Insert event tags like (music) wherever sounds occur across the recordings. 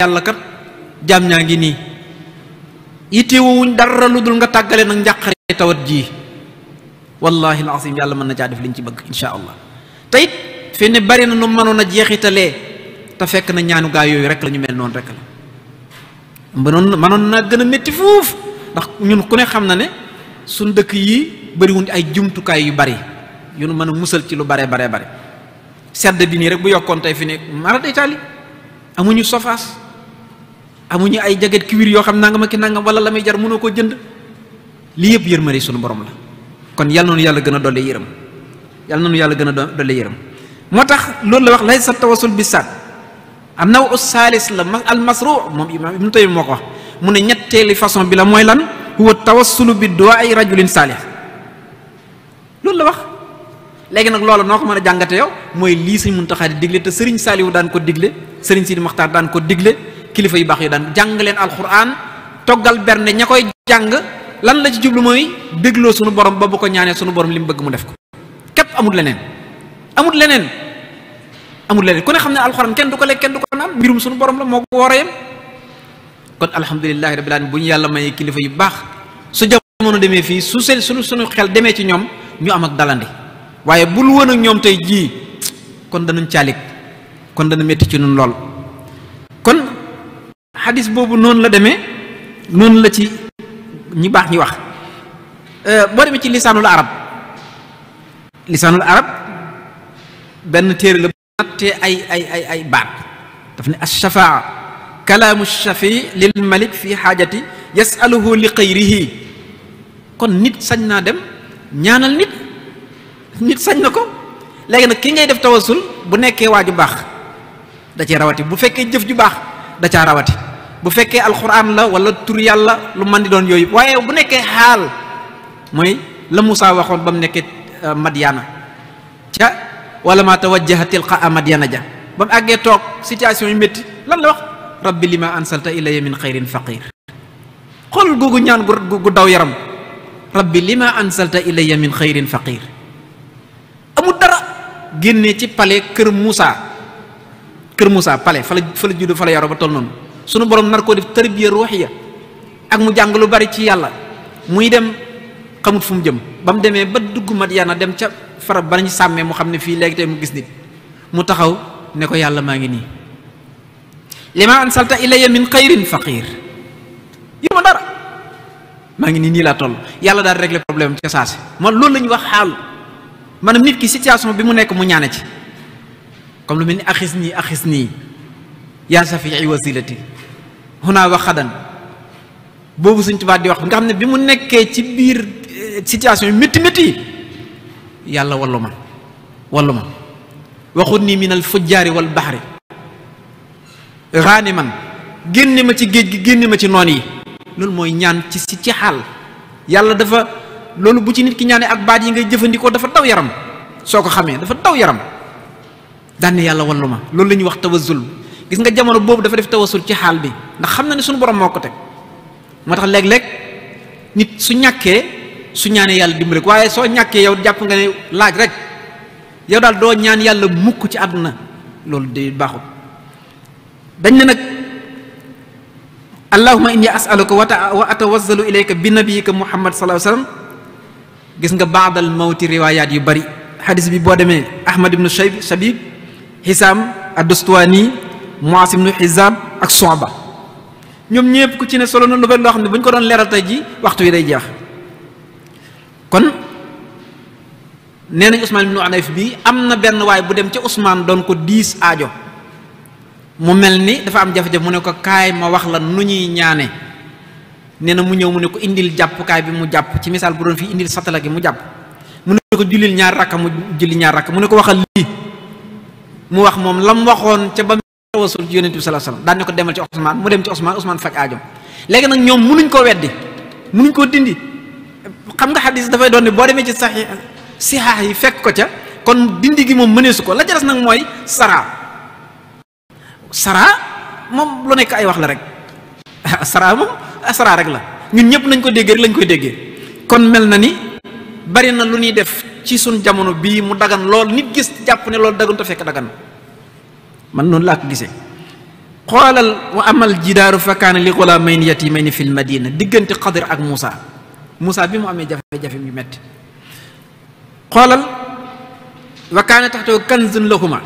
yàlla kat jaam ñaa ngi nii yitewuñ dara lu dul nga tàggale nag njàqare tawat ji wallahi alazim yàlla mën na caa def liñ ci bëgg insha allah te it fi ne bari na nu mënoon a jeexitalee te fekk na ñaanu gaa yooyu rek lañu ñu mel noonu rek la mënoon mënoon naa gën a metti foofu ndax ñun ku ne xam na ne suñ dëkk yii bëriwuñ ay jumtukaay yu bari yu nu mën a musal ci lu baree baree bare sedd bi nii rek bu yokkoon tey fi ne mara taali amuñu sofaas amuñu ay jaget kiwir yoo xam nangam ak nangam wala la muy jar mënoo koo jënd lii yëpp yërmande sunu borom kon yal na yàlla gën a dolli yërëm yal na yàlla gën a dolli yërëm moo tax loolu la wax lay sa tawasul bi saat am naw saalis la al masru moom imaam ibnu Taymiyya moo ko mu ne ñetteeli façon bi la mooy lan huwa tawassulu bi duwaay rajulin saalih loolu la wax léegi nag loolu noo ko mën a jàngate yow mooy lii sëñ mun di digle te sëriñ Saaliwu daan ko digle sëriñ Sidi Maxtaar daan ko digle kilifa yu baax yi daan jàng leen alxuraan toggal bernde ña koy jàng lan la ci jublu mooy dégloo sunu borom ba bu ko ñaanee sunu borom li mu bëgg mu def ko képp amut leneen amut leneen amut leneen ku ne xam ne alxuraan kenn du ko lekk kenn du ko naan mbirum sunu borom la moo ko war a yem kon alhamdulilahi rabbil alamin bu ñu yàlla mayee kilifa yu baax su jamono demee fii su seen sunu sunu xel demee ci ñoom ñu am ak dalandi waaye bul woon ak ñoom tey jii kon danañ caalik kon dana métti ci ñun lool xadis boobu noonu la deme noonu la ci ñi baax ñi wax euh, boo demee ci lisaanul arab lisaanul arab benn téere la ay ay ay ay baat daf ne alshafaa kalaamu shafii lil fi xaajati yasaluhu li xayrihi kon nit sañ naa dem ñaanal nit nit sañ na ko léegi nag ki ngay def tawasul bu nekkee waa ju baax da cee rawati bu fekkee jëf ju baax da caa rawati bu fekkee alxuraan la wala tur yàlla lu man di doon yooyu waaye bu nekkee xaal mooy la musaa waxoon ba mu nekkee euh, Madiana ca wala ma tawajjaha tilqa a Madiana ja ba mu àggee toog situation yu métti lan la wax rabbi lima ansalta ilayya min xayrin faqir xool googu ñaan gu daw yaram rabbi lima ansalta ilayya min xayrin faqir amul dara génne ci pale kër Moussa kër musaa pale fa la fa la judd fa la yaroo ba toll noonu sunu borom nar koo def tarbiya ruuxiya ak mu jàng lu bari ci yàlla muy dem xamut fu mu jëm ba mu demee ba dugg Madyana dem ca farab ba nañu sàmmee mu xam ne fii léegi tey mu gis nit mu taxaw ne ko yàlla maa ngi nii lima ansalta ilayya min xayrin faqir yow ma dara maa ngi nii nii laa toll yàlla daal régler problème ca saasi man loolu la wax xaal maanaam nit ki situation bi mu nekk mu ñaane ci comme lu mel ni axis nii axis nii yaa ay wasilati xunaa wax xadan boobu Sëñ Tuubaa di wax nga xam ne bi mu nekkee ci biir eh, situation yi métti métti yi yàlla wallu ma ma waxut nii min al fujjaari wal baxri raani man génne ma ci géej gi génne ma ci noon yi loolu mooy ñaan ci si ci xaal yàlla dafa loolu bu ci nit ki ñaanee ak baat yi ngay jëfandikoo dafa taw yaram soo ko xamee dafa taw yaram daan yàlla wallu ma loolu la ñuy wax tawazzul gis nga jamono boobu dafa def tawasul ci xaal bi ndax xam na ne suñu borom moo ko teg moo tax léeg-léeg nit su ñàkkee su ñaanee yàlla dimbali waaye soo ñàkkee yow jàpp nga ne laaj rek yow daal doo ñaan yàlla mukk ci àdduna loolu day baaxul dañ ne nag allahuma inni asaluka wa atawazzalu ilayka bi nabiyika muhammad sallallahu alayhi wa sallam gis nga baadal mawti riwaayaat yu bari xadis bi boo demee ahmad ibnu shabib xisaam ad-Dustawani Muas ibnu Hizam ak Soba ñoom ñëpp ku ci ne solo na lu bëri loo xam ne bu ko doon leeral tey ji waxtu wi day jeex kon nee nañ Ousmane ibnu Anayf bii am na benn waay bu dem ca Ousmane doon ko diis aajo mu mel ni dafa am jafe-jafe mu ne ko kaay ma wax la nu ñuy ñaane nee na mu ñëw mu ne ko indil jàppukaay bi mu jàpp ci misaal bu doon fii indil satala mu jàpp mu ne ko jullil ñaar rakka mu julli ñaar rakka mu ne ko waxal lii mu wax moom lam waxoon rasul ci sa bi sallallahu alayhi wasallam daan ne ko demal ci Ousmane mu dem ci Ousmane Ousmane faj aajom léegi nag ñoom munuñ koo weddi munuñ koo dindi xam nga xadis dafay doon ne boo demee ci saxi sixaax yi fekk ko ca kon dindi gi moom mëneesu ko la ca des nag mooy sara sara moom lu nekk ay wax la rek (laughs) sara moom sara rek la ñun ñëpp nañ ko déggee lañ koy déggee kon mel na ni bari na lu ñuy def ci suñ jamono bii mu dagan lool nit gis jàpp ne loolu dagan te fekk dagan man noonu laa ko gisee xoolal wa amal jidaaru fa kaana li gulaamayni yatiimayni fil madina diggante xadir ak Moussa Moussa bi mu amee jafe-jafe yu metti xoolal wa kaana taxtahu kanzun lahuma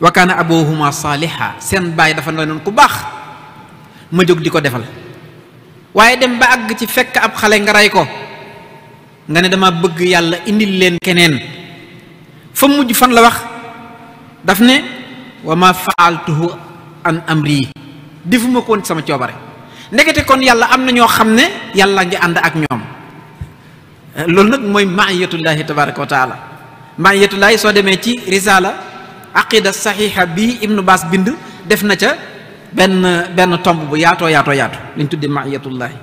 wa kaana aboohuma saaliha seen baay dafa nooy noonu ku baax ma jóg di ko defal waaye dem ba àgg ci fekk ab xale nga rey ko nga ne dama bëgg yàlla indil leen keneen fa mujj fan la wax daf ne wa ma faaltuhu an amri defuma ko woon sama coobare ndekete kon yàlla am na ñoo xam ne yàlla ngi ànd ak ñoom loolu nag mooy maayatullahi tabaraka wa taala maayatullahi soo demee ci risala aqida saxiixa bi ibnu baas bind def na ca benn benn tomb bu yaatoo yaatoo yaatu liñ tuddi maayatullahi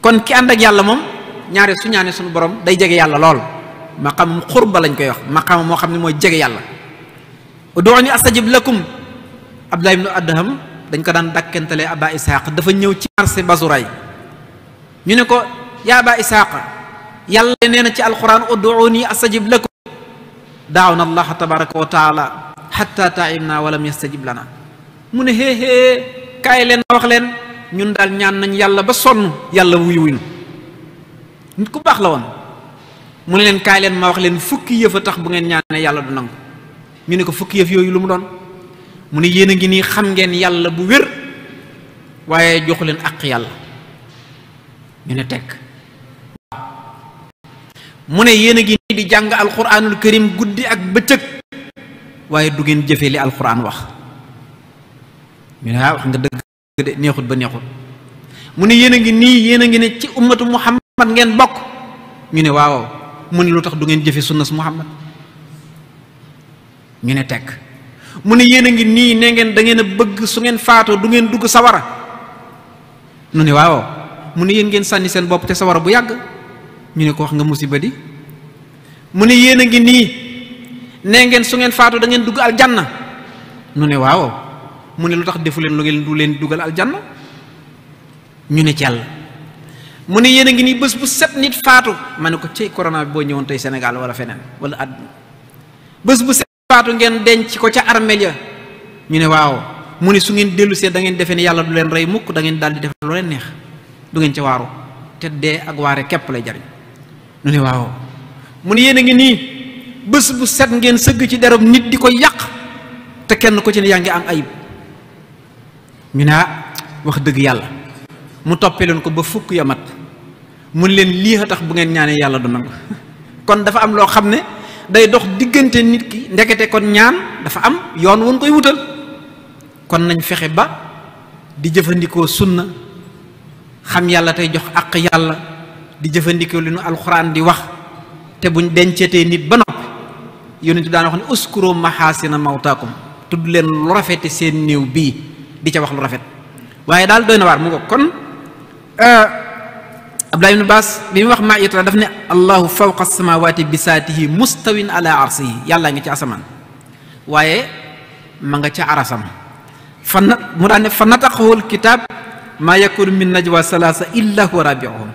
kon ki ànd ak yàlla moom ñaare su ñaane suñu borom day jege yàlla lool maqam xurba lañ koy wax maqam moo xam ne mooy jege yàlla ud'uuni astajib lakum Abdullah ibnu Adham dañ ko daan dàkkentelee Aba Isaaq dafa ñëw ci marché Bazuray ñu ne ko yaa Aba yàlla nee na ci alquran ud'uuni astajib lakum daaw na allah tabaraka wa taala xatta taayimna walam yastajib lana mu ne xéexée kaay leen ma wax leen ñun daal ñaan nañ yàlla ba sonn yàlla wuyu wuñu nit ku baax la woon mu ne leen kaay leen ma wax leen fukki yëf a tax bu ngeen ñaanee yàlla du nangu ñu ne ko fukki yëf yooyu lu mu doon mu ne yéen a ngi nii xam ngeen yàlla bu wér waaye joxu leen àq yàlla ñu ne tekk mu ne yéen a ngi nii di jàng alquranul karim ak bëccëg waaye du ngeen jëfee li alquran wax ñu ne ah, nga dëgg ba neexut mu ne yéen a ngi yéen a ngi ne ci ummatu muhammad ngeen bokk ñu ne waaw mu ne lu tax du ngeen jëfe sunnas muhammad ñu ne tekk mu ne yéen a ngi nii nee ngeen dangeen a bëgg su ngeen faatoo du ngeen dugg sawara nu ne waaw mu ne yéen ngeen sànni seen bopp te sawara bu yàgg ñu ne ko wax nga musiba di mu ne yéen a ngi nii ne ngeen su ngeen faatoo da ngeen dugg aljanna nu ne waaw mu ne lu tax defu leen lu ngeen du leen dugal aljanna ñu ne ci mu ne yéen a ngi nii bés bu set nit faatu ma ne ko ci corona bi boo ñëwoon tey Sénégal wala feneen wala àdduna bés bu set faatu ngeen denc ko ca armeel ya ñu ne waaw mu ne su ngeen dellu see da ngeen defee ne yàlla du leen rey mukk da ngeen daal di def lu leen neex du ngeen ca waaru te dee ak waare képp lay jariñ ñu ne waaw mu ne yéen a ngi nii bés bu set ngeen sëgg ci derub nit di ko yàq te kenn ko ci ne yaa ngi am ayib ñu ne ah, wax dëgg yàlla mu toppee leen ko ba fukk ya mun leen lii tax bu ngeen ñaanee yàlla du nangu (laughs) dafa am loo xam ne day dox diggante nit ki ndekete kon ñaan dafa am yoon wun koy wutal kon nañ fexe ba di jëfandikoo sunna xam yàlla tey jox àq yàlla di jëfandikoo li nu alxuraan di wax te buñ dencetee nit ba noppi yonent bi daan wax ne uskuro maxaasina mawtaakum tudd leen lu rafete seen néew bii di ca wax lu rafet waaye daal doy na waar mu ko kon euh, Abdullah ibn Baas bi mu wax maa yatala daf ne allahu fawqa samawati bi saatihi mustawin ala arsihi yàlla nga ci asamaan waaye ma nga ca arasam fa nat mu daan ne fa nataqahul kitaab maa yakun min najwa salaasa illa huwa rabiuhum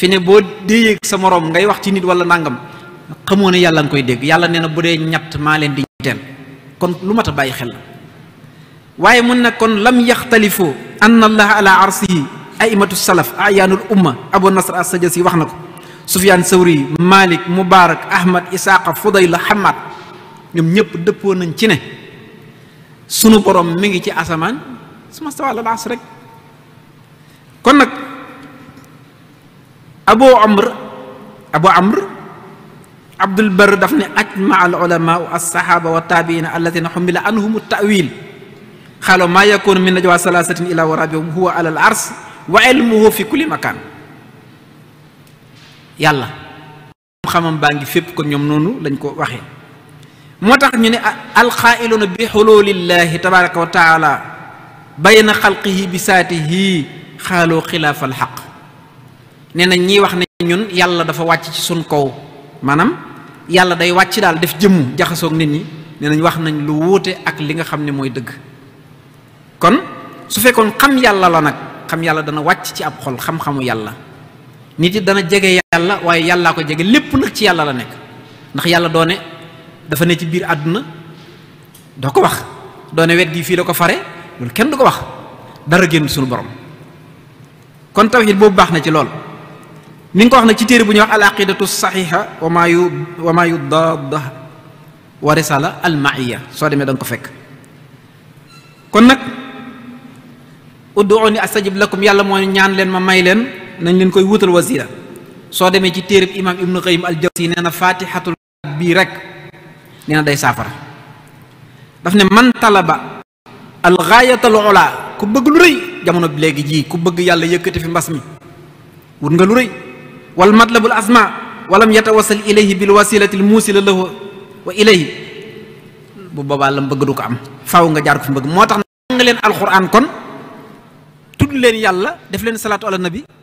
fi ne boo déyeeg sa moroom ngay wax ci nit wala nangam xamoo ne yàlla nga koy dégg yàlla nee na bu dee ñett maa leen di ñetteel kon lu mat a bàyyi xel la waaye mun na kon lam yaxtalifu anna allah ala arsihi aimatu salaf ayaanul umma abu nasr as-sajasi wax na ko sufyaan sawri malik mubaarak ahmad isaaqa fudayla xamaat ñoom ñëpp dëppoo nañ ci ne sunu borom mi ngi ci asamaan su ma stawala laas rek kon nag abu amr abu amr abdul bar daf ne ajmaa al ulamaa alsaxaaba wa taabiina alladina xumila anhum huwa ala ars wa ilmuhu fi kulli makaan yàlla xam-xamam baa ngi fépp ko ñoom noonu lañ ko waxee moo tax ñu ne alxaailuna bi xululillahi tabaraka wa taala bayna xalqihi bi saatihi xaaloo xilaafa alxaq nee na ñiy wax ne ñun yàlla dafa wàcc ci sun kaw maanaam yàlla day wàcc daal def jëmm jaxasoog nit ñi nee nañ wax nañ lu wuute ak li nga xam ne mooy dëgg kon su fekkoon xam yàlla la nag xam yàlla dana wàcc ci ab xol xam-xamu yàlla nit yi dana jege yàlla waaye yàllaa ko jege lépp nag ci yàlla la nekk ndax yàlla doone dafa ne ci biir àdduna doo ko wax doone wet gi fii la ko fare loolu kenn du ko wax dara génn sunu borom kon tawxiid boobu baax na ci lool ni ngi ko wax na ci téere bu ñuy wax al aqidatu saxiixa wa maa yu wa maa yu daad wa risala al soo demee da ko fekk kon nag udduuni astajib lakum yàlla moo ñaan leen ma may leen nañ leen koy wutal wasila soo demee ci téereb imaam ibnu qayyim al jawzi nee na faatixatul bii rek nee na day saafara daf ne man talaba al gaayatal ola ku bëgg lu rëy jamono bi léegi jii ku bëgg yàlla yëkkati fi mbas mi wut nga lu rëy wal matlabul asma walam yatawasal ilayhi bil wasilati al muusila lahu wa ilayhi bu boobaa lam bëgg du ko am faw nga jaar ko fi mbëgg moo tax na nga leen yàlla def leen salaatu ala nabi